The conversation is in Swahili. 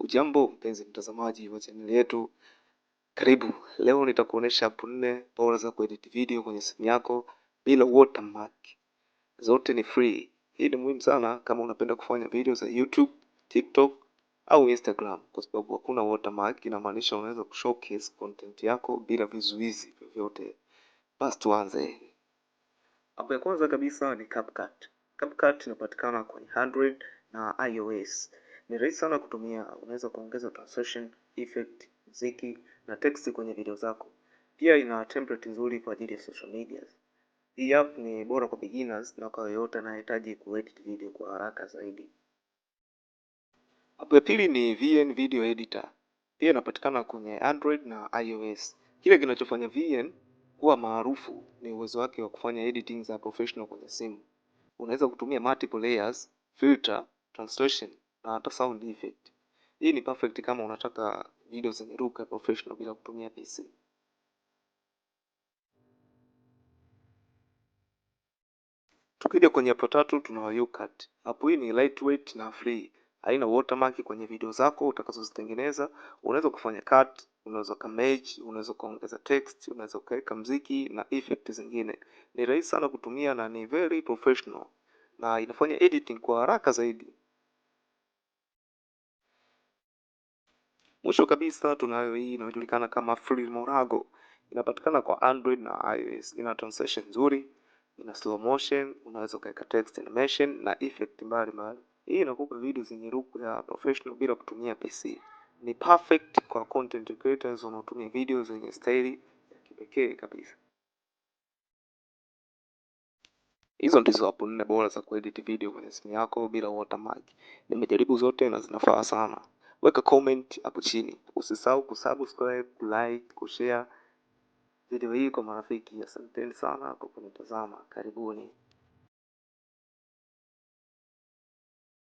ujambo mpenzi mtazamaji wa chaneli yetu, karibu. Leo nitakuonesha app nne bora za kuedit video kwenye simu yako bila watermark, zote ni free. Hii ni muhimu sana kama unapenda kufanya video za YouTube, TikTok au Instagram, kwa sababu hakuna watermark, inamaanisha unaweza kushowcase content yako bila vizuizi vyovyote. Basi tuanze. App ya kwanza kabisa ni CapCut. CapCut inapatikana kwenye Android na iOS. Ni rahisi sana kutumia, unaweza kuongeza transition effect, muziki na text kwenye video zako. Pia ina template nzuri kwa ajili ya social media. Hii app ni bora kwa beginners na kwa yeyote anayehitaji kuedit video kwa haraka zaidi. App ya pili ni VN Video Editor. Pia inapatikana kwenye Android na iOS. Kile kinachofanya VN kuwa maarufu ni uwezo wake wa kufanya editing za professional kwenye simu. Unaweza kutumia multiple layers, filter, translation na hata sound effect. Hii ni perfect kama unataka video zenye ruka professional bila kutumia PC. Tukija kwenye hapo tatu tuna uCut. Hapo hii ni lightweight na free. Haina watermark kwenye video zako utakazozitengeneza. Unaweza kufanya cut, unaweza ka merge, unaweza ukaongeza text, unaweza kaweka mziki na effect zingine. Ni rahisi sana kutumia na ni very professional na inafanya editing kwa haraka zaidi. Mwisho kabisa tunayo hii inayojulikana kama Filmorago. Inapatikana kwa Android na iOS. Ina translation nzuri, ina slow motion, unaweza ukaweka text animation na effect mbalimbali. Hii inakupa video zenye ruku ya professional bila kutumia PC. Ni perfect kwa content creators wanaotumia video zenye staili ya kipekee kabisa. Hizo ndizo app nne bora za kuedit video kwenye simu yako bila watermark. Nimejaribu zote na zinafaa sana weka comment hapo chini. Usisahau kusubscribe, like, kushare video hii kwa marafiki. Asanteni sana kwa kunitazama, karibuni.